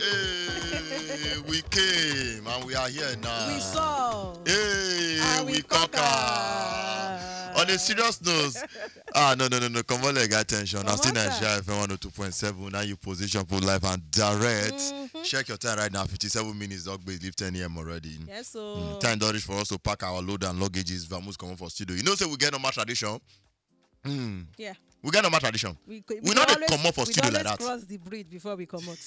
Hey, we came and we are here now. We saw. Hey, and we, we conquer. On a serious note, ah no no no no, come on, leg attention. Come I've seen Nigeria FM 102.7. Now you position for life and direct. Mm-hmm. Check your time right now. 57 minutes. Dog base leave 10 a.m. already. Yes, so. Mm, time dollars for us to pack our load and luggages. Vamos come for studio. You know, say we get no normal tradition. Mm. Yeah. We get normal tradition. We, we, we not always, come up for studio like that. We cross the bridge before we come out.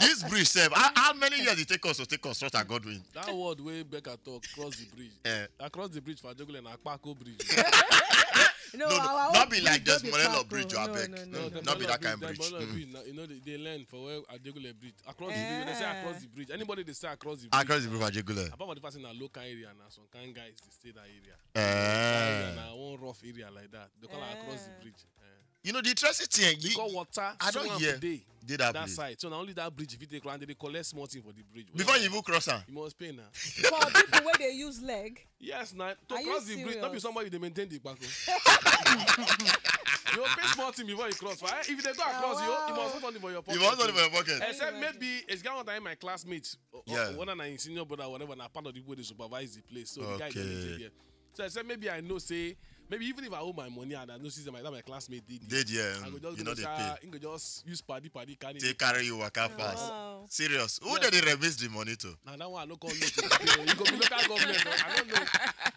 this bridge, Seb, how, how many years it take us to take construct at Godwin? That word way Becca talk, cross the bridge. Yeah. Across the bridge for Jogule and Akpako bridge. no, no, no not be like just Morello bridge or abeg no no, no, no, not be that kind of bridge. Hmm. you know they learn for where Ajegule bridge across the bridge they say eh. across the bridge anybody they say across the bridge. across the bridge for Ajegule. apart from the person in a local area na some kind guys they stay that area. Uh, na one rough area like that they call it across the eh. bridge. you know the interesting thing. because water I don't hear. Did that, that side. So now only that bridge, if you take around, they collect small thing for the bridge. Before you even cross her. You must pay now. for people where they use leg. Yes, now to Are cross the bridge, not be somebody they maintain the back. Oh. you pay small thing before you cross. Right? If they go ah, across, oh, wow. you, you must hold only for your pocket. You must only for your oh. pocket. Except maybe it's got one time my classmate, or, yeah. or one of my senior brother, whatever, and part of the way they supervise the place. So okay. the guy Yeah. So I said maybe I know say maybe even if I owe my money and I no see them, that my classmate did. Did yeah. I go just you know they pay. Ingo just use paddy paddy carry. They carry you waka fast. Wow. Serious. Who yeah. did they remiss the money to? Now that one I no call you. You go be local government. I don't know.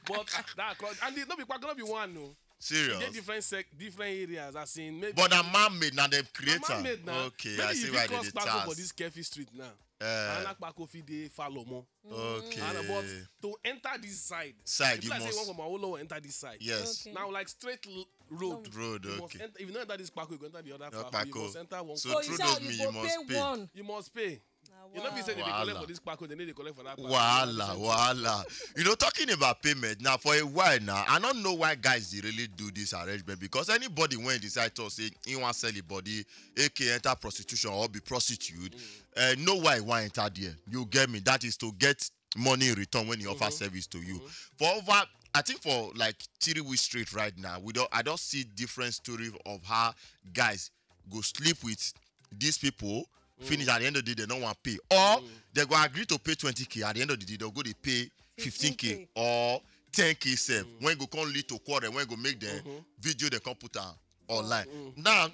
But that crowd and it not be quite gonna be one no. Serious. They different sec, different areas. I seen maybe. But a man made now They creator. Man made now. Okay, maybe I see why they did task. for this Kefi Street now. Uh, and akpa de dey follow mo. okay and uh, but to enter this side. side you must if you like say you wan from awolowo enter this side. yes okay. now like straight road. road you okay enter, if you no enter this kpako you go enter the other kpako you must enter one. so, so through those oh, means you must pay. you must pay. Ah, you know, me say they collect for this parking, they need to collect for that. Wahala, wahala. You know, talking about payment now for a while now, I don't know why guys they really do this arrangement because anybody when decide to say he want sell a body, aka enter prostitution or be prostitute, uh, mm. eh, know why why enter there. You get me? That is to get money in return when he offer mm-hmm. service to you. Mm-hmm. For over I think for like three weeks straight right now, we don't I don't see different story of how guys go sleep with these people finish at the end of the day they don't want to pay or mm. they go agree to pay 20k at the end of the day they go dey pay 15k or 10k sef mm. when go come lead to quarrel when go make the mm-hmm. video dem come put am mm. online now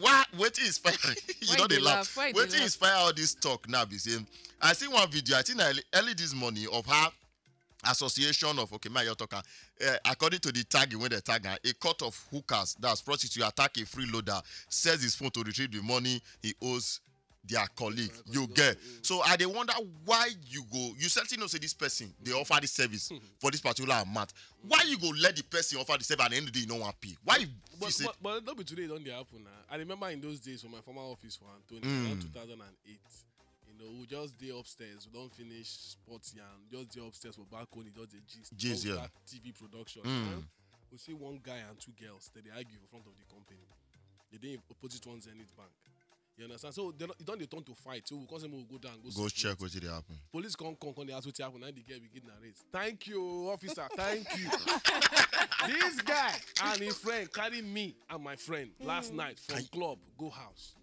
what? What is inspire you know they laugh What is inspire all this talk now be say i see one video i think na early this morning of her association of okay my talk am uh, according to the tag when dem tag am a court of hookers that's prostitute attack a freeloader sells his phone to retrieve the money he owes their colleague. You get. So I they wonder why you go. You certainly know say this person they offer this service hmm. for this particular amount. Why you go let the person offer the service at the end of the day you no one pay? Why? You, but, you but, but not be today don't they happen. I remember in those days when my former office was Antonio mm. 2008. You know, we just day upstairs. We don't finish sports yarn. Just day upstairs for he Just the gist. Gist, yeah. TV production. Mm. We see one guy and two girls. they argue in front of the company. They did opposite in it Bank. You understand? So they don't, they turn to fight. So we cause them we oh, go down, go, go check what they happen. Police come come come they ask what happen. Now the girl begin narrate. Thank you, officer. Thank you. this guy and his friend carry me and my friend hmm. last night from club go house.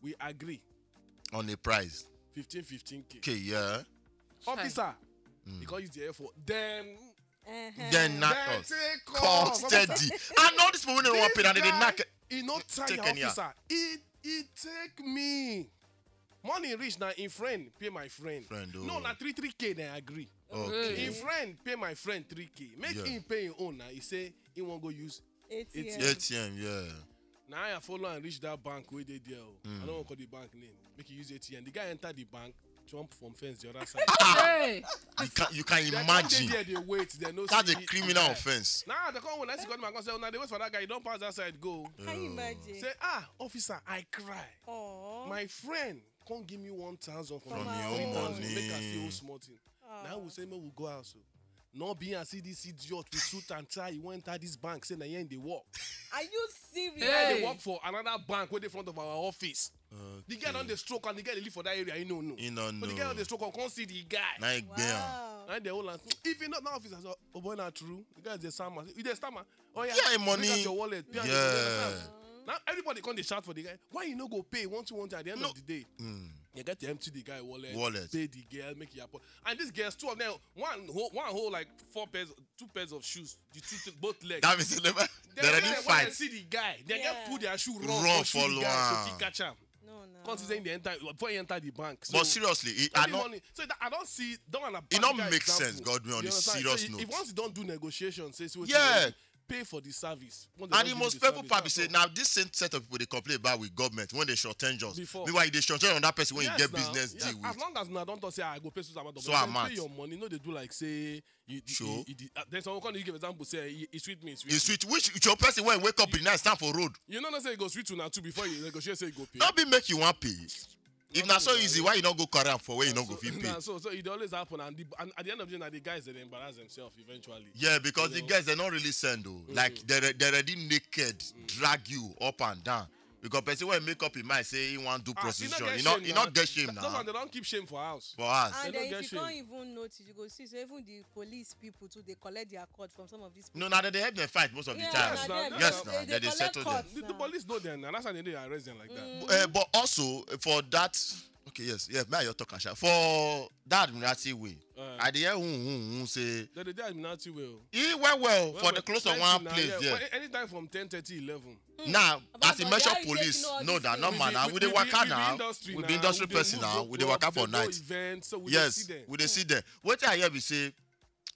We agree on a price. 15, 15 k. K yeah. Officer, mm. because he's air for them. Uh-huh. Then knock us. Call steady. I know this for when they want pay, and they knock. He not tie officer. He e take me money reach na im friend pay my friend friend oh. no na 3k na agree okay im friend pay my friend 3k make him pay him own na He say he wan go use atm atm yeah na i follow am reach dat bank wey dey there oh i hmm. no wan call di bank name make he use atm di guy enter di bank jump from fence the other side. hey. you can you can imagine. they dey there wait they no that's a criminal yeah. offence. nah they come when i see gunman come say una oh, they wait for that guy you don pass that side go. can you imagine. say ah officer i cry. Aww. my friend come give me one thousand from, from your own money make i see who small we say make we go out. o. Oh not being as see this idiot with suit and tie you enter this bank say na here dey work. are you serious. yeah dey work for another bank wey dey front of our office. Okay. the guy on the stroke and the guy dey live for that area You know, no You know. no but the guy on the stroke am come see the guy. na e gbe am. na dey hold am if he no na office as oh boy not true the guy is the stammer you the stammer. oh yeah yeah money take out your wallet pay yeah. now everybody can't shout for the guy why you no go pay one you want at the end no. of the day. Mm. You get to empty the guy wallet, wallet, pay the girl, make it happen. And these girls, two of them, one whole, one whole like four pairs, two pairs of shoes, the two both legs. That means never. They fight. fight. They see the guy, they yeah. get put their shoe wrong, wrong for the guy, so catch him. No, no. Considering the entire before he enter the bank. So, but seriously, it, I don't. Money, so that, I don't see. Don't wanna. It don't make example. sense, Godwin. On a serious so, note, if once you don't do negotiations, says yeah, pay for the service. and the most painful part be say na this same set of people dey complain about with government when they shorten jobs. before meanwhile you dey shorten on that person wey you get business deal with. as long as una don talk say ah, i go pay so amount of money. so amount pay your money no dey do like say you sure. you you uh, then someone come dey give example say e sweet me e sweet. e which your person wey wake up in night stand for road. you no know say e go sweet una too before you negotiate say e go pay. no be make you wan pay if na so easy why you no go carry am for where you no go fit pay. so so e dey always happen and, the, and at the end of the day na the guys dey embarrass themselves eventually. yeah because the guys dey no really send o. Oh. like dey mm-hmm. dey ready naked mm. drag you up and down because person wey make up him mind say he wan do ah, prostitution he no he no get shame na for house and then if you come even notice you go see say even the police people too dey collect their court from some of these people no na dem dey help dem fight most of the time yes na dem dey settle them. the police know them, na that's why dem dey arrest them like that. Mm. Eh, but also for that okay yes yes may i just talk am for that admiralty way uh, i dey hear hun hun hun say. dem dey do admiralty way e well well, well for the close of one na, place yeah. there. Yeah. anytime from ten thirty eleven. Hmm. now as he metro police no na normal na we dey waka na we be industry person na we dey waka for night yes we dey see dem wetin i hear be say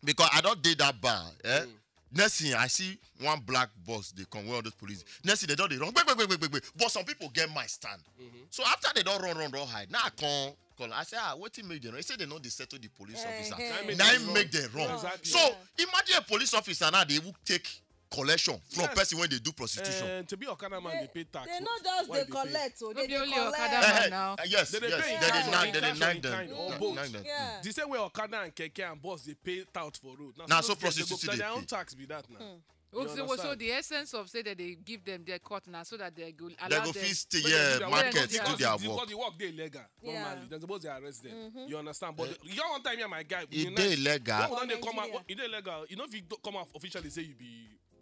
because i don dey that bar eh. Mm next thing i see one black bus dey come where all those police next thing they don dey run gbegbe gbegbe gbegbe but some people get my stand mm -hmm. so after they don run run run hide now i come call i say ah wetin make dem run he say they no dey settle the police eh, officer hey, na him make dem run, run. Exactly. so imagine a police officer now dey take collection from yes. person when they do prostitution. Uh, to be Okada man, they, they pay tax. They not just they, collect, so oh, they, only collect. Okada eh, man eh, now. yes, they, they yes. Pay yes. They, they, they, nine them. Or both. Yeah. The same way Okada and Keke and boss they pay out for road. Now, nah, so prostitution they, own tax be that now. Mm. So, the essence of say that they give them their cut now so that they go allow they go them, feast yeah, the market to do their work. Because the work they legal, normally. Yeah. They're supposed arrest them. Mm -hmm. You understand? But yeah. you know one time here my guy. It they illegal. When they come out, it illegal. You know if you come out officially say you be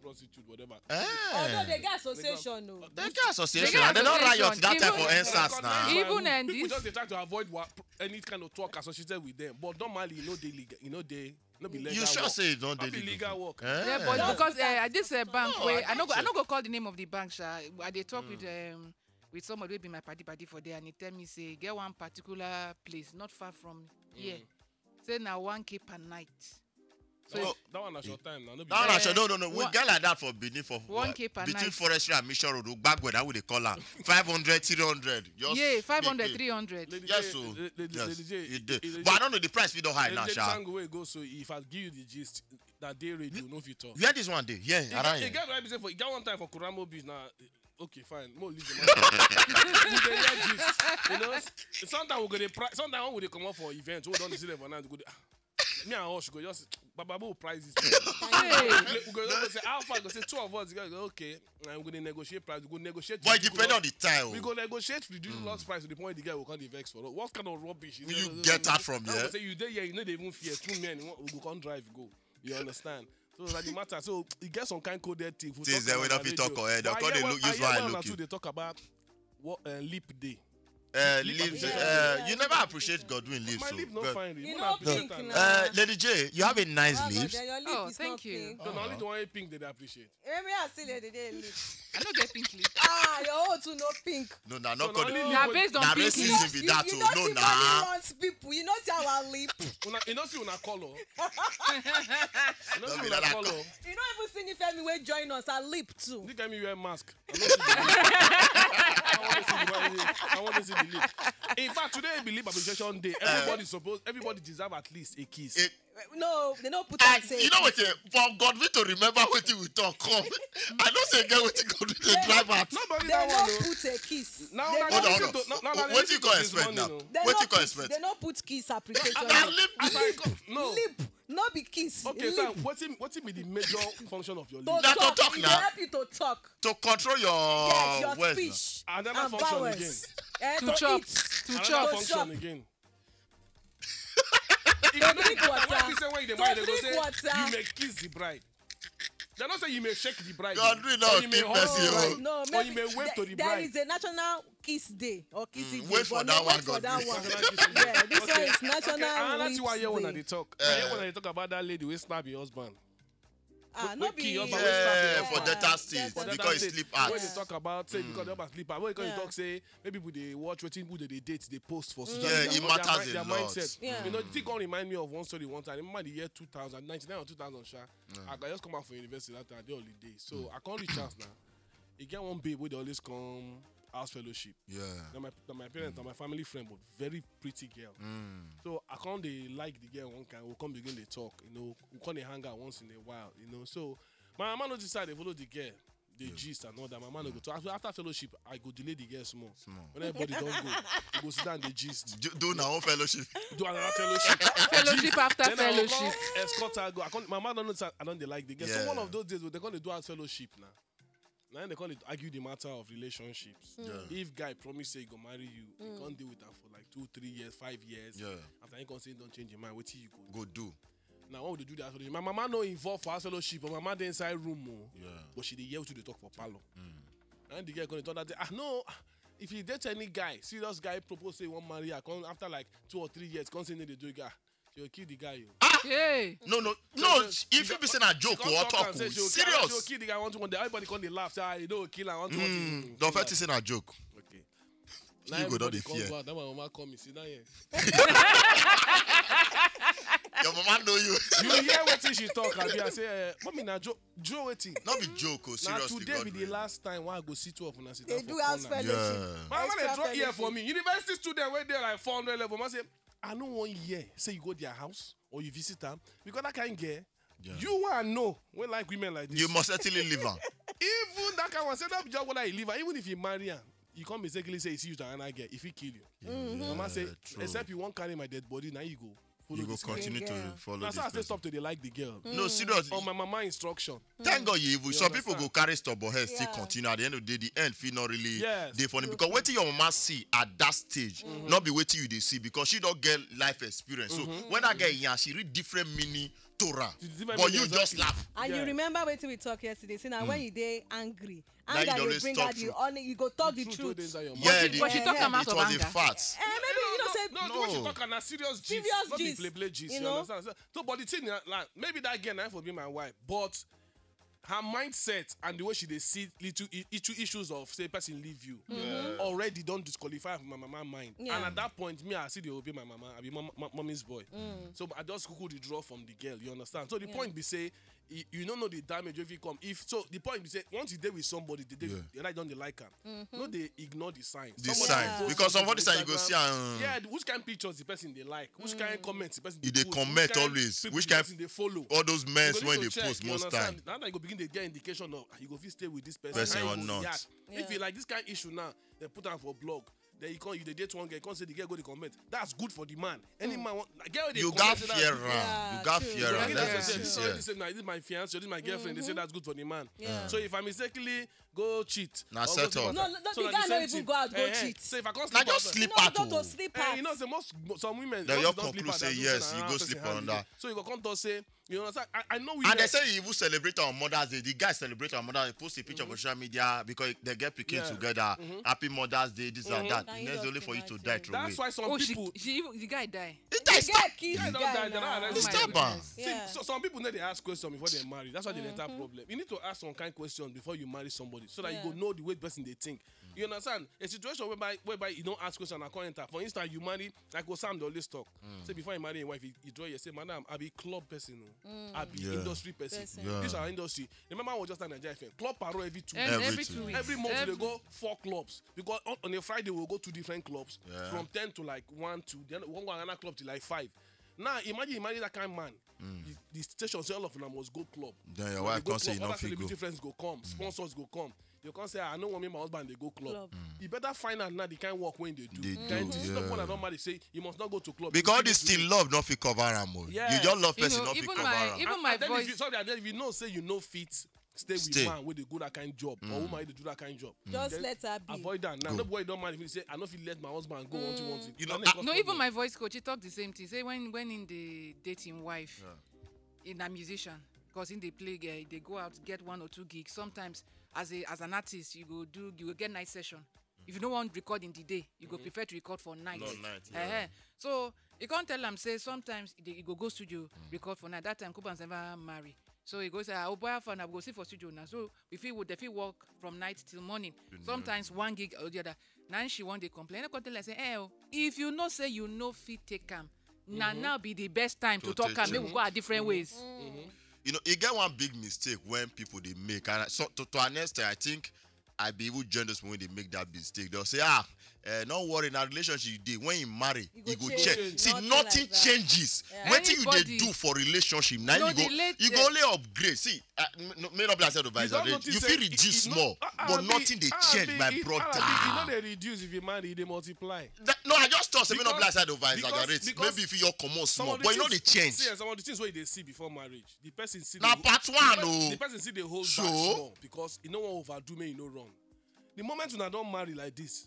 prostitute, whatever. Ah. Although they get association, no. They get association, they and they don't riot that even, for of instance now. Even and people this. just they try to avoid any kind of talk associated with them, but normally you know they legal, you know they. No be legal you sure work. say you don dey legal work. Eh. Yeah, but no. because uh, this uh, bank no, wey I no go I no go call the name of the bank sha I dey talk mm. with hmm. um, with somebody wey be my padi padi for there and he tell me say e get one particular place not far from mm. here hmm. say na one k per night. So no, oh. that one na short time now. No be that one na short. No, no, no. We get like that for Benin for one k per night between forestry and mission road. Ogbagwe that we dey call am. Five hundred, three hundred. Yeah, five hundred, three hundred. Yes, so oh. yes, it dey. But I don't know the price we don't high now, sha. Lady Tango so if I give you the gist na day rate you no fit talk. Where this one day. Yeah, around here. E got right one time for Kuramo beach Now, okay fine mo leave the matter you know sometimes we go dey sometimes when we come up for events, we don't dey see them for night go ah, me and us go just Bababo will price this. we go, go say, how far? Go say two of us. Go, okay, and we're gonna negotiate price. We go negotiate. But depending on the time. We go oh. negotiate reduce mm. loss price to the point the guy will come the vex for. What kind of rubbish? Will you, get that from here? Say you there, yeah. You know they even fear two men. We go come drive go. You understand? so na the matter so you get some kind coded thing. things dem wey no fit talk ahead, air dem come dey use one look you. i hear one talk about what, uh, lip day. Uh, leaves, uh, you never appreciate Godwin leaves. My so, leaf not fine. You know, pink Uh, Lady J, you have a oh, nice oh, leaves. God, leaf oh, thank you. Pink. No, only one pink that I appreciate. Maybe I see Lady J leaves. I don't get pink leaves. Ah, your own too no pink. No, nah, not God. Nah, based on nah, pink leaves. You, you, you know no, nah. wants people. You know see our lip. You know see our color. You know see our color. You know even see Nifemi wey join us. Her lip too. You at me wear mask. I want to see the lip. In fact, today is Belief appreciation day. Eh. Everybody supposed everybody deserve at least a kiss. It, eh. no, they don't put and You know what? Eh, for God, we to remember what we talk. Come, I don't say get what God the driver. Nobody they that They don't put a kiss. Now, hold on, hold on. What you going to expect now? What you going to expect? They don't put kiss appreciation. Lip, lip, no. Lip no be kiss. okay leave. so What's wetin be the major function of your lip. to talk to help you to talk. to control your yes, your speech And then and function vowels. again. Uh, to, to chop eat. to another chop to function chop. again. if you drink water to drink water you may kiss the bride. They're not saying you may shake the bride. God, do now. You may hold No, maybe, or you may wave th- to the bride. There is a national kiss day or kissy mm, day. Wait for that one, wait God. For that one. yeah, this one is national. Okay, I'll ask you why you want to talk. Uh, you want to talk about that lady who stabbed your husband. Ah, no be yeah, yeah, for delta ah, state because state. sleep at. when you talk about say mm. because yoruba sleep out when you yeah. talk say maybe people dey watch wetin people dey dey date dey post for social media yeah, it matters their, a their lot mindset. Yeah. you know the thing come remind me of one story one time i remember the year two thousand ninety-nine or two thousand sha mm. i just come out for university that time i dey holiday so mm. i come reach house na e get one babe wey dey always come house fellowship. Yeah. Now my, my parents mm. and my family friend but very pretty girl. Mm. So I can't they like the girl one kind. We will come begin the talk. You know, we we'll come they hang out once in a while. You know, so my mama no decide they follow the girl. The yeah. gist and all that. My man go to after, after fellowship. I go delay the girl small. small. When everybody don't go, we go sit down the gist. Do, now our own fellowship. Do another fellowship. fellowship after then fellowship. I go, escort her go. I can't, my man don't know. I don't they like the girl. Yeah. So one of those days they're gonna do our fellowship now. now they call it argue the matter of relationships. Hmm. Yeah. If guy promise say he go marry you, mm. he hmm. can't deal with that for like two, three years, five years. Yeah. After he can say don't change your mind, what you go Go do. Now what would you do that? My mama no involved for her fellowship, but my mama inside room more. Oh. Yeah. But she dey hear wetin dey talk for palo. Mm. And the girl gonna dey talk that day. Ah no, ah, if you date any guy, serious guy propose say he wan marry her, after like two or three years, come they no dey do guy she kill the guy. Oh. ah hey. no no no if you be saying a joke or talk o serious. she kill the guy one two one day everybody come dey laugh say ah you kill am one two one day. don first say na joke. okay. you go down the fear. That my mama call me sit down here. your mama know you. you hear what she talk abi i say uh, eh, mami na joke joke wetin. no be joke Oh, seriously god na today be the last time wey i go see two of una sit they do house fellowship. mama dey draw here for me university student where dey like four hundred level ma say I no wan hear say you go their house or you visit them because that kind girl, yeah. you want to know when like women like this. You must certainly leave her. Even that kind one set up job whether he leave her, even if you marry her, you can't mistakenly say it's you that another girl. If he kill you, yeah, mm Mama say, true. except you won't carry my dead body, now you go follow you go continue to follow That's how I say stop they like the girl. Mm. No, seriously. On my mama instruction. Mm. Thank God you evil. You Some people go carry stubborn head still Yeah. continue. At the end of the day, the end feel not really Yes. dey funny because waiting your mama see at that stage mm-hmm. not be waiting you dey see because she don't get life experience. So mm-hmm. when I get here, she read different meaning Torah, but you just laugh. and you remember when we talk yesterday say na when mm. you there, angry Na you bring out the only you go talk the Truth Yeah, But she- the- talk about out it was a anger. fact. Eh, maybe said no, no. what you talk na serious gist serious not gist, be play play gist you, you know? understand so but the thing like maybe that girl na for be my wife but her mindset and the way she dey see little little issues of say person leave you mm -hmm. already don disqualify my mama mind yeah. and at that point me i still dey obey my mama i be mama mommy's boy mm. so i just kuku dey draw from the girl you understand so the yeah. point be say you, you don't know the damage if you come. If so, the point is, say once you date with somebody, the day yeah. you like don't they like them. Mm-hmm. No, they ignore the signs. The signs yeah. because somebody sign you go see. Um, yeah, which kind pictures the person they like, which kind of mm. comments the person they, they post, comment always, which kind of they follow. All those men's when they post most understand? time. Now you go begin to get indication of you go stay with this person, person or not. Yeah. If you like this kind issue now, Then put down for blog then you come you dey date one girl you come say the girl go dey comment that's good for the man any hmm. man wan girl dey you gat comment say that's fear am ah. you gat fear am ah. let's be sincere. this is my fiance this is my girlfriend mm -hmm. they say mm-hmm. that's good for the man yeah. so if I'm exactly. go cheat. Now set up. No, no, so the guy not even go out go hey, eh, eh, cheat. So if I can't sleep, now just sleep out. No, to sleep out. Eh, you know, the most some women. They your conclusion say yes, you go sleep on that. So you go come to say. You know, I, I know we and they say you will celebrate on Mother's Day. The guy celebrate on Mother's Day, post a picture mm-hmm. on social media because they get picking yeah. together. Mm-hmm. Happy Mother's Day, this mm-hmm. and that. And it's only for you to die through That's why some oh, people. She, she, the guy die. The guy stop. The guy do oh See, some people need to ask questions before they marry. That's why they mm-hmm. enter problem. You need to ask some kind questions before you marry somebody somebody so that yeah. you go know the way the person they think. Mm. You understand? A situation whereby whereby you don't ask questions and can't enter. For instance, you marry like Osam do always talk. Mm. Say before you marry your wife, you, you draw you say, Madam, I be club person. Oh. Mm. I be yeah. industry person. person. Yeah. This our industry. Remember I was just an Nigeria fan. Club paro every two every, every two weeks. Every month every... they go four clubs. Because on, on a Friday we'll go to different clubs. Yeah. From ten to like one to then one go another club to like five. Now imagine imagine that kind of man. Mm. The, the station say all of them must go club. Then your wife say can't club, say enough. Other celebrity friends go come, mm. sponsors go come. You can't say ah, I know want me my husband they go club. club. Mm. You better find out now the kind of work when they do. They kind do. Yeah. one that don't marry say you must not go to club. Because this still love not fit cover am. Yeah. You just love person you know, not fit cover am. Even my voice. If you, sorry, if you know say you know fit stay with stay. man wey dey go that kind job mm. or woman wey dey do that kind job. just then let her be avoid am now go. nobody don mind if you say i no fit let my husband go mm. until until. You know, I, no even my voice coach he talk the same thing say when when him dey date him wife yeah. na musician because him dey play uh, he dey go out get one or two gigs sometimes as a as an artist you go do you go get night session mm. if you no wan record in the day you mm -hmm. go mm-hmm. prefer to record for night. Long night yeah. uh -huh. so you come tell am say sometimes he go go studio mm. record for night that time kubans never marry So he goes, uh, ah, Oboya fan, I will go see for studio now. So if he would, if he work from night till morning, you sometimes know. one gig or the other. Now she want to complain. I tell her, say, hey, eh, oh, if you know, say you know, fit take him. Mm-hmm. Now, now be the best time to, to talk him. Maybe we go our different mm-hmm. ways. Mm-hmm. You know, you e get one big mistake when people they make, and so, to, to an extent, I think I be able join those when they make that mistake. They'll say, ah, uh, eh, not worry, in a relationship you did, when you marry, you, you go, change. See, nothing, nothing like changes. Yeah. you they do for relationship, now you, go, you go only upgrade. See, uh, not be as advisor. You, you feel reduce it, more, but ah, ah, nothing they ah, change, my brother. You know they reduce if you marry, they multiply. That, no, just talk say make no be like side over exaggerate maybe if you your comot small but you no dey change. see eh, some of the things wey you dey see before marriage the person see na part one o oh. the person see dey hold back small because e no wan overdo make e no wrong the moment una don marry like this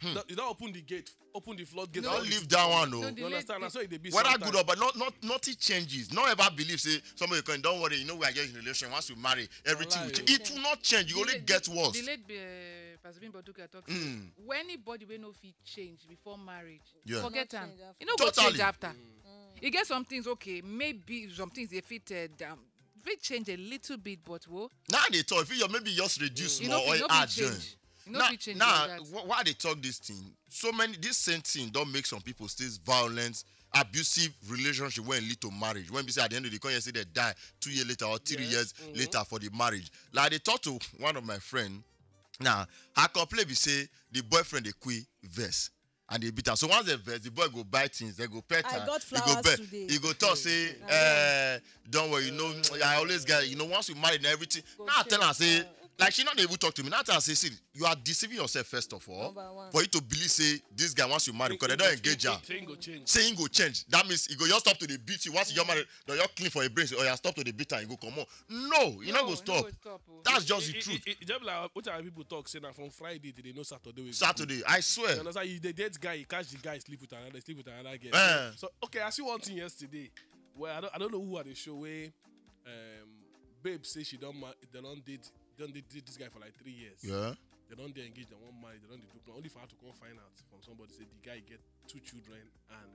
hmm. you don open the gate open the floodgate. no leave that one o. Oh. No, you understand na so e dey be sometimes. whether good or bad not not nothing changes no ever believe say somebody come don worry you know we are just in relation once we marry everything will change it will not change you only get worse. the late pastor bimbo duka talk mm. say anybody wey no fit change before marriage yeah. forget am e no go change after hmm. e mm. get some things okay maybe some things they fit uh, eh, down fit change a little bit but wo. Now dey talk if you maybe just reduce mm. small or add You know now, now like why they talk this thing? So many this same thing don't make some people stay violent, abusive relationship when lead to marriage. When we say at the end of the conversation they die two years later or three yes. years mm -hmm. later for the marriage. Like they talk to one of my friend Now, her complaint be say the boyfriend dey quick vex and dey beat am. So once dem vex, the boy go buy things, dem go pet am, he go bet, he go talk say, eh, don't worry, you know, I always get, you know, once we marry and everything. Now I tell am say, like she not even talk to me now i say see you are deceiving yourself first of all for you to believe say this guy wants you married because they don't engage am say him go change that means you go just stop to the beat you once you married? marry you're clean for a brace. Or you stop to the beat and he go on. no he no go stop oh. that's just the truth. e just like what are people talk Saying na from friday to they know saturday wey. saturday i swear. you understand you the dead guy you catch the guy sleep with another sleep with another girl. Eh. so okay i see one thing yesterday well i don't i don't know who are dey show wey um, babe say she don't, they don't date done did, this guy for like three years. Yeah. They don't they engage, they won't marry, they don't do plan. Only for her to come find out from somebody say the guy get two children and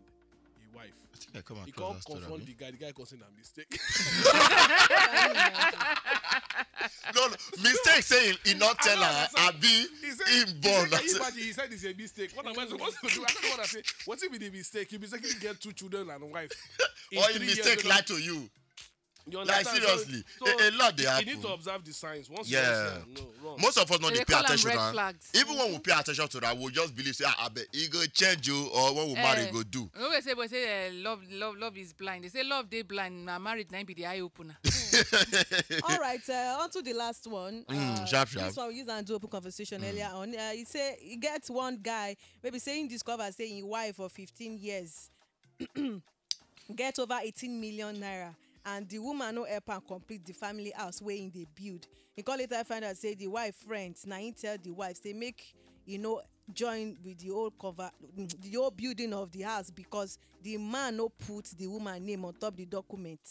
a wife. I think I come across He can't confront the guy. The guy causing a mistake. no, no, mistake saying he not tell her. Abi, him born. He said, he said it's a mistake. What am I supposed to do? I don't know what I say. What's it be the mistake? He mistakenly get two children and a wife. In or he mistake lie to you. You understand? Like seriously, so, a, a, lot they you happen. You need to observe the signs. Once yeah. You no, Most of us not they, they pay attention. Even mm-hmm. when we pay attention to that, we'll just believe say, ah, I bet he go change you, oh, or what will uh, eh. marry, go do. No, we say, but say, uh, love, love, love is blind. They say love they blind. My marriage now be the eye opener. All right, uh, on to the last one. Mm, uh, sharp, sharp. This one we used and do open conversation mm. earlier on. Uh, he say he gets one guy maybe saying discover saying wife for 15 years. get over 18 million naira and the woman no help am complete the family house wey im dey build im come later find out say the wife friend na im tell the wife say make e no join with the whole cover the whole building of the house because the man no put the woman name on top the document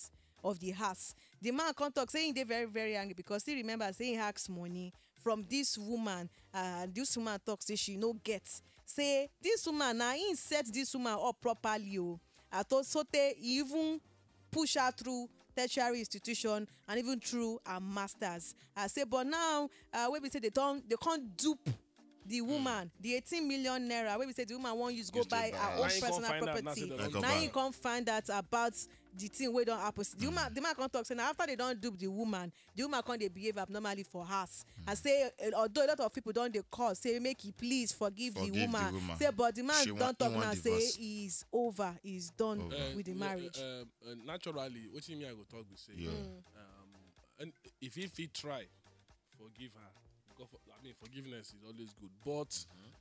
of the house The man come talk. say he dey very very angry because he remember say he ask money from this woman and this woman tok say she no get say this woman na im set this woman up properly o atosotey even push her through tertiary institution and even through her masters i say but now uh, we say they can't, they can't dupe the hmm. woman the eighteen million naira wey we say the woman wan use go buy her own personal property you can't find out about the thing wey don happen the mm. woman the man come talk say na after they don dupe the woman the woman come dey behave abnormally for house mm. and say eh, although a lot of people don dey call say make he please forgive, forgive the, woman. the woman say but the man don talk now say he is over he is done over. Eh, with the marriage. Uh, uh, uh, naturally wetin me i go talk be say yeah. um, and if he fit try forgive her for, i mean forgiveness is always good but mm -hmm.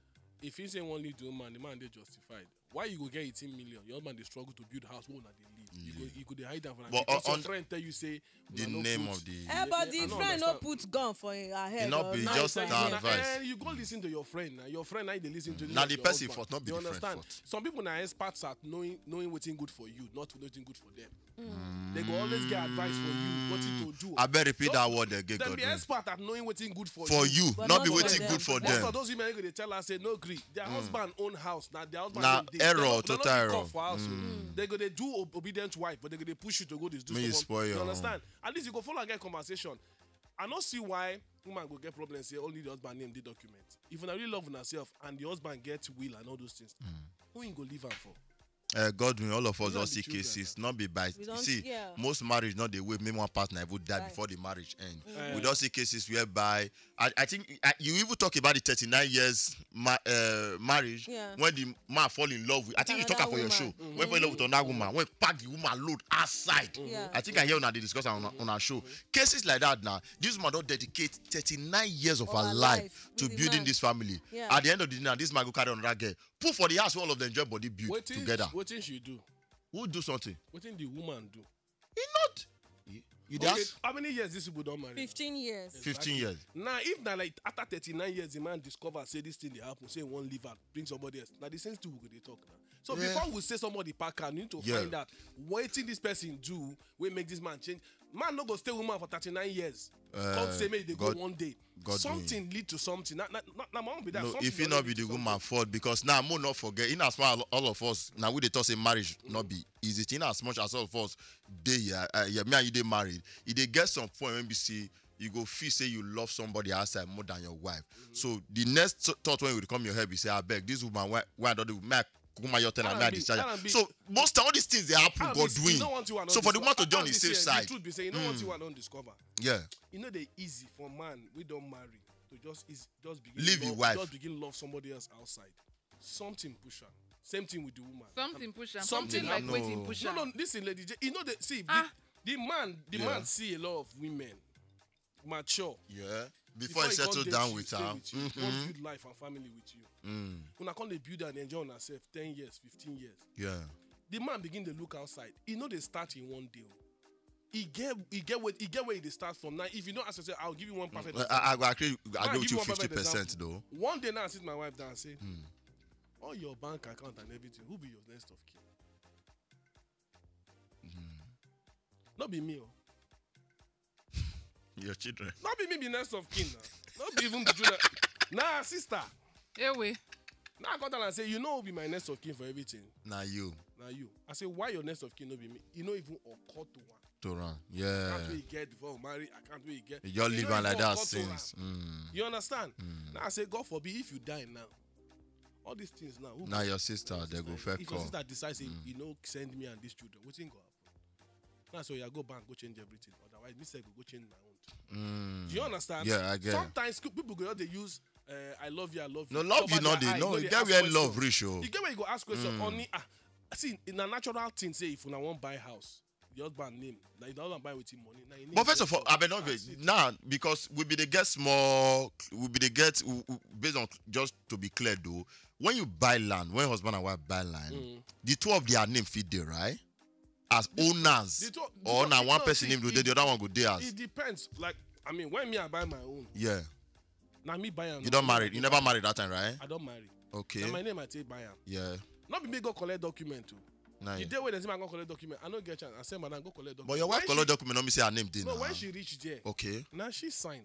if he say only do the woman the man dey justified why you go get 18 million your man they struggle to build house One una dey live you go you go hide that for am because your friend tell you say the name of the eh but the friend no put gun for him head or be just that advice eh, you go listen to your friend na your friend na they listen lis ten to Now the person for not be the friend fault some people now experts at knowing knowing wetin good for you not wetin good for them mm. they go always get advice for you wetin to do I abeg repeat that word again godwin dem be expert at knowing wetin good for you for you not be waiting good for them most of those women they tell us say no agree. their mm. husband own house Now their husband error to Tyro. Mm. They go they do obedient wife, but they go they push you to go this. Do you spoil you understand? At least you go follow and get conversation. I don't see why woman go get problems here. Only the husband name the document. If I really love herself and the husband get will and all those things, mm. who you go leave her for? uh, eh, Godwin, all of us don't see cases, not be by see yeah. most marriage not the way Maybe one partner would die right. before the marriage end. Mm. Yeah. We eh. don't see cases whereby I, I think I, you even talk about the 39 years ma, uh, marriage yeah. when the man fall in love with. I think you talk for your show mm-hmm. when fall in love with another woman when pack the woman load outside. Mm-hmm. Yeah. I think I hear on they discuss on, on our show mm-hmm. cases like that. Now this man don't dedicate 39 years of, of her life, life to building man. this family. Yeah. At the end of the dinner, this man go carry on that girl people for the house all of them enjoy body build wetin, together. wetin she do. who do something. What wetin the woman do. He not. you, you okay, how many years this people don't marry. fifteen years. fifteen exactly. years. Now, if now like after thirty-nine years the man discover say this thing they happen say one liver leave bring somebody else Now the same thing we go talk now. so yeah. before we say somebody pack am need to yeah. find out wetin this person do We make this man change man no go stay woman for thirty-nine years eh, god say make e dey go one day God something lead to something na my own be that no e no be the woman fault because now mo not forget in as far as all of us na we dey talk say marriage not be easy thing as much as all of us dey here eh, me and you dey married e dey get some point wey be say you go feel say you love somebody outside more than your wife mm-hmm. so the next thought wey go come your head be say abeg this woman wey i don dey with woman discharge So most all these things they happen God doing. So for the woman to join the safe side. The truth be saying, you know what you hmm. discover. Yeah. You know they easy for man we don't marry to just is just begin leave love, your wife. Just begin love somebody else outside. Something push her. Same thing with the woman. Something push her. Something, like waiting push her. No, no, listen, lady. You know the see ah. the, man the man see a lot of women mature. Yeah. Before, Before he settled down with her. With you, mm-hmm. life and family with you. Mm. When I come to build and enjoy on herself 10 years, 15 years. Yeah. The man begin to look outside. He know they start in one deal. He get he get where he get where it starts from. Now, if you know ask yourself, I'll give you one perfect. Mm. I, I, I agree with you fifty percent though. One day now I sit my wife down and say, mm. all your bank account and everything, who be your next of kin? Mm. Not be me. Oh. your children. Not be me be next of kin now. Not be even the children. Nah, sister. ewe. Eh, now i got tell and say you no know, be my next of kin for everything. na you. na you i say why your next of kin no be me You know, even occur to one. to run, yeah. i can't wait get for marry i can't wait get. you living like that since. Mm. you understand. Mm. now i say god forbid if you die now all these things now. Now your sister they go fair call. if your sister decides, mm. you know, send me and these children thing go happen now so you go bank go change everything otherwise me sef go go change my own. Mm. do you understand. yeah i get. sometimes people go they use Eh, i love you i love you no love you no dey no e get where love reach o oh. e get where you go ask question honey hmm. ah see na natural thing say if una wan buy house the husband name na the husband buy with him money na him name. but first of all abeg no vex now because we be dey get small we be dey get based on just to be clear though when you buy land when husband and wife buy land mm. the two of their name fit dey right as the, owners the two, the or na one person name go dey the other one go dey as. It depends like i mean when me i buy my own. Yeah. Now me Bayam. You don't marry. You never married that time, right? I don't marry. Okay. Now my name I take Bayam. Yeah. Not be me go collect document too. Nice. The day when they say I go collect document, I no get chance. I say madam go collect document. But your wife when collect she, document, no me say her name did. No, when she reach there. Okay. Now she signed.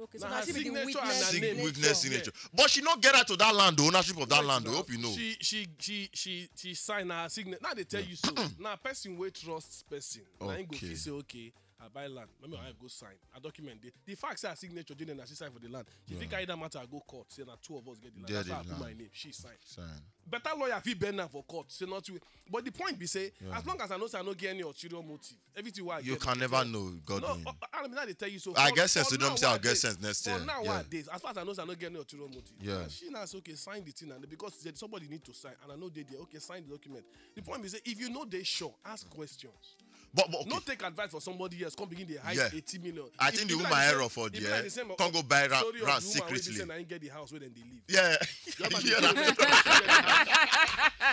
Okay, so now, she be the witness, signature. Name. witness signature. Yeah. But she no get her to that land, ownership of that Wait, land. I hope you know. She she she she she sign her signature. Now they tell yeah. you so. now person wey trust person. Okay. Now go say okay. I buy land. Let me my go sign. I document it. The fact say her signature, Jane and she sign for the land. She yeah. think I either matter, I go court. Say that two of us get the land. That's how I put my name. She sign. sign. Better lawyer fit bend for court. Say not you. But the point be say, yeah. as long as I know say I no get any ulterior motive, everything why You can never know God. No, I mean they uh, uh, tell you so. I guess sense. You don't say i guess get sense next year. now yeah. nowadays, as far as I know, I no get any ulterior motive. Yeah. She now say okay, sign the thing and because somebody need to sign and I know they there. Okay, sign the document. The point be say if you know they sure, ask questions. But, but okay. Not take advice for somebody else. Come begin the high yeah. 80 million. I if think the woman like error for the like the can't go buy rat, rat secretly. I get the house where then they leave. Yeah. yeah.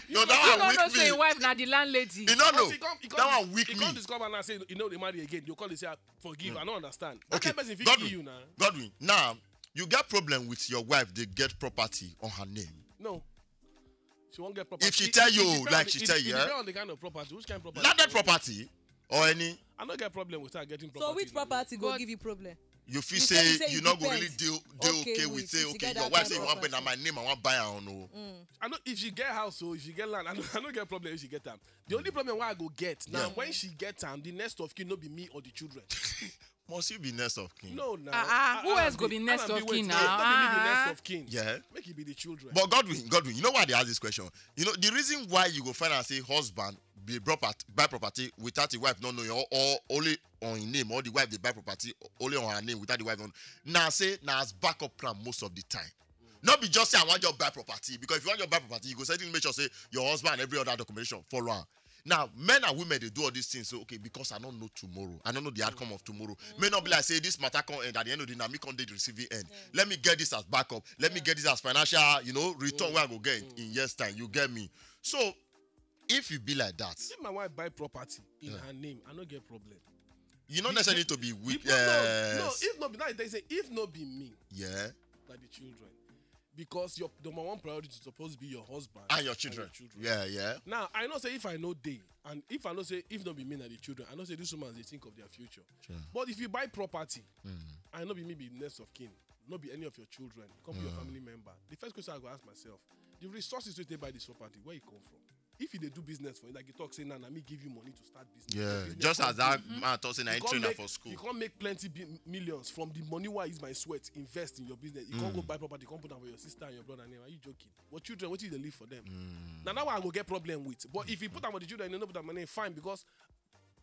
no, no, that one weak me. Say wife, now the landlady. You don't know. That one weak me. You can't discover and say you know they marry again. Ah, hmm. You call this say forgive. I don't understand. Okay. Godwin. Godwin. Now you get problem with your wife. They get property on her name. No. She won't get property. If she tell you, like she tell you, it depends eh? on the kind of property. Which kind of property? that property or any. I don't get problem with her getting property. So which property go give you problem? You feel say, say you not go really deal deal okay, okay with say okay your wife say you want my name I want buy her no. Oh. Mm. I know if she get house so oh, if she get land I don't I don't get problem if she get time. The only problem why I go get now when she get time, the next of kin no be me or the children. Must you be next of kin? No, no. Uh, uh, ah, ah, who ah, else go be next of kin now? Nah. be me the next of kin. Yeah. Make it be the children. But Godwin, Godwin, you know why they ask this question? You know the reason why you go find and say husband be brought buy property without the wife not knowing or, or only on him name or the wife dey buy property only on her name without the wife on na say na as backup plan most of the time no be just say i wan just buy property because if you wan just buy property you go certainly make sure say your husband and every other documentation follow am now men and women dey do all these things so okay because i no know tomorrow i no know the outcome of tomorrow mm. may not be like say this matter come end at the end of the na me come dey the receiving end yeah. Mm. let me get this as backup let yeah. me get this as financial you know return yeah. Mm. wey i go get mm. in years time you get me so if you be like that. If my wife buy property in yeah. her name, I don't get problem. You don't necessarily need to be weak. Yes. No, no, if not be that, they say if not be me. Yeah. Like the children. Because your number one priority is supposed to be your husband and your children. And your children. Yeah, yeah. Now I know say if I know they and if I know say if not be me and the children, I know say this woman they think of their future. Sure. But if you buy property, mm-hmm. I know be me be next of kin, not be any of your children, come mm. be your family member. The first question I go ask myself: the resources to take by this property, where you come from? if you dey do business for you like you talk saying, na na me give you money to start business yeah business just as that mm-hmm. man talk say na train am for school you can't make plenty b- millions from the money wey i my sweat invest in your business you mm. not go buy property You can't put am for your sister and your brother name are you joking What children wetin you dey live for them mm. now that i go get problem with but if you put am for the children and you no put am money, fine because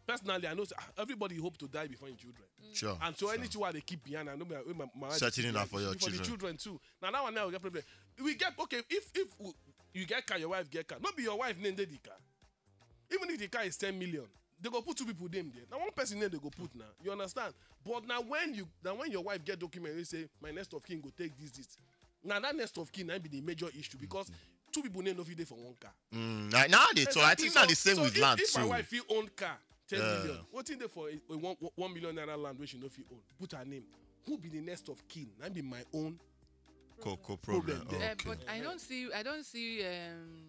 personally i know ah, everybody hope to die before im children. Mm. sure and so sure. anything wey i keep behind i know my my my wife dey keep for the children too Now, now I now we get problem we get okay if if we, you get car your wife get car no be your wife name dey the car even if the car is ten million they go put two people name there na one person name they go put na you understand but na when you na when your wife get document wey say my next of kin go take this this na that next of kin na be the major issue because two people name no fit dey for one car. Mm, na now, dey so i think na the same so with if, land too. so if my wife fit own car ten yeah. million wetin dey for a, one one million naira land wey she no fit own put her name who be the next of kin na be my own co co problem. Eh, okay. Uh, but I don't see I don't see um,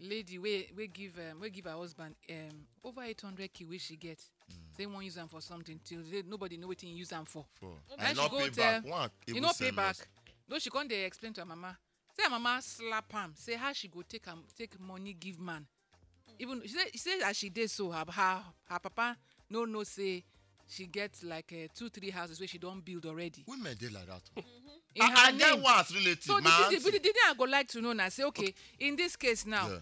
lady we we give um, we give her husband um, over 800 k where she get. Mm. They won't use them for something till they, nobody know what you use them for. for. And she go tell One, you know pay back. No, she can't explain to her mama. Say her mama slap him. Say how she go take um, take money give man. Hmm. Even she say, she say as she did so her, her her papa no no say she get like uh, two three houses where she don't build already. Women did like that. Oh. in uh, her name i get one as relative so my aunty so the thing i go like to know na say okay in this case now. Yeah.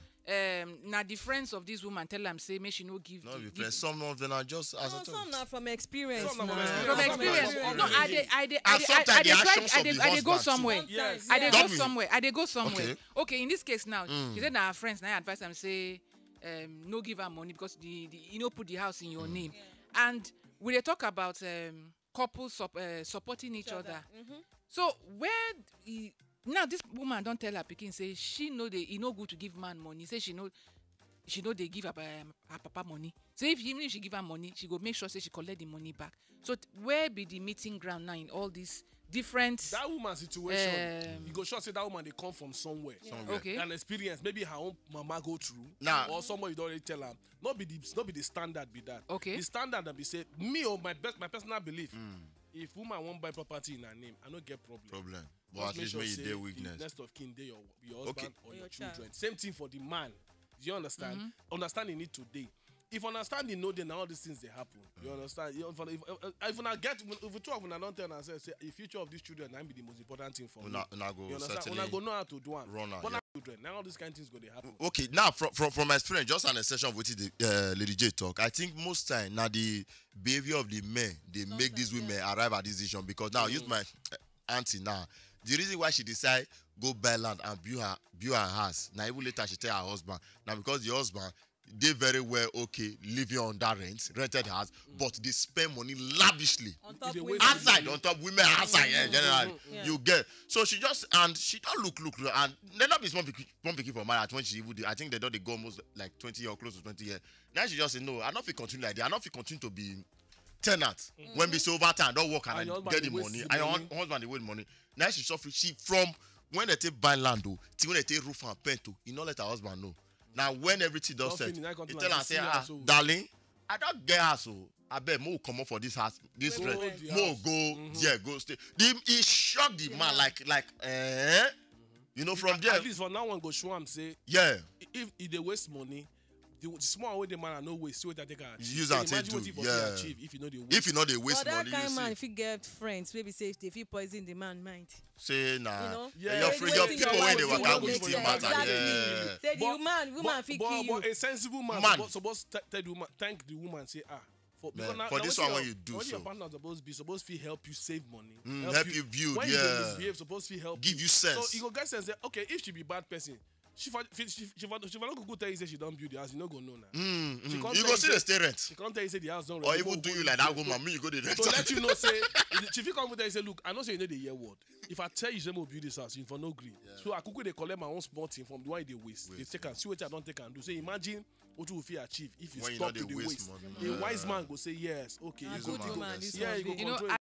um, na the friends of this woman tell am say make she no give. no be friends some of them are just as no, i some are from experience from experience no i they i dey i dey go somewhere yes. i dey go somewhere i they go somewhere okay. in this case now mm. she say na her friends na advise them, say um, no give her money because the the you know put the house in your mm. name yeah. and we talk about um, couples sup, uh, supporting each, each other. other. Mm -hmm. so where e now this woman don tell her pikin say she no dey e no good to give man money say she no she no dey give her um, her papa money so if even if she give her money she go make sure say she collect the money back so where be the meeting ground now in all these different. that woman situation um, you go sure say that woman dey come from somewhere. somewhere okay an experience maybe her own mama go through. nah or somebody don already tell am no be the no be the standard be that. okay the standard na be say me o oh, my best my personal belief. Mm if woman wan buy property in her name i no get problem problem but Just at least make sure you dey weakness next of kin dey your your husband okay. or your, your children child. same thing for the man you understand mm -hmm. understanding need to dey if understanding no dey na all these things dey happen mm. you understand if, if, if una get if we talk una don tell una sef say the future of these children na be the most important thing for una, me una go you understand una go know how to do am but na children. Now all kind of things go to happen. Okay, now from, from from my experience, just an exception of what the uh, Lady J talk. I think most time now the behavior of the men they Sometimes, make these women yeah. arrive at this decision because now mm. use my uh, auntie now. The reason why she decide go buy land and build her build her house. Now even later she tell her husband. Now because the husband they very well okay living on that rent rented house mm. but they spend money lavishly on outside on top women outside yeah, mm-hmm. generally mm. yeah. you get so she just and she don look look look and then that be small pikin small pikin for marriage when she even dey i think they don dey go almost like twenty year or close to twenty year now she just say no i no fit continue like that i no fit continue to be ten ant mm -hmm. when be say over time don work and, and i get the money and her husband dey wait money now she suffer she from when they take buy land o oh, till when they take roof and paint o e no let her husband know Now, when everything does set, he tell her, say, ah, darling, I don't get her so. I bet more come up for this house, this rent. More go mm mm-hmm. there, go stay. The, he shocked the man like, like, eh? You know, from there. At least for now, one go show him say, yeah. If, if they waste money, the, the small way the man I know waste see what that they can achieve. Use and take do. Yeah. Achieve if you know the waste. If you know the waste but money. But that kind man if he get friends maybe say if he poison the man mind. Say nah. You know? Yeah. Your friend, your people when they work out with still matter. Yeah. Say the woman, woman fit kill you. But a sensible man, man. supposed to tell the woman, thank the woman, say ah. For, Man, now, for now this one, when you do when so, your partner supposed to be supposed to help you save money, mm, help, help you, you build, when yeah, you misbehave, supposed to help, give you, sense. So you go get sense. That, okay, if she be bad person, she for she she for she for no go tell you say she don build the house you no go know na. Mm, mm. you go still dey stay rent. she come tell you say the house don rent. or even do you like that woman me you go dey rent. to let you know say she fit come tell you say look i know say you no dey hear word if i tell you say mo build this house you for no gree. Yeah. so akuku dey collect my own small thing from the one you dey waste. dey take am see wetin i don take am do So imagine what we fit achieve if you stop to dey waste. a wise man go say yes okay you go do yeah you go control.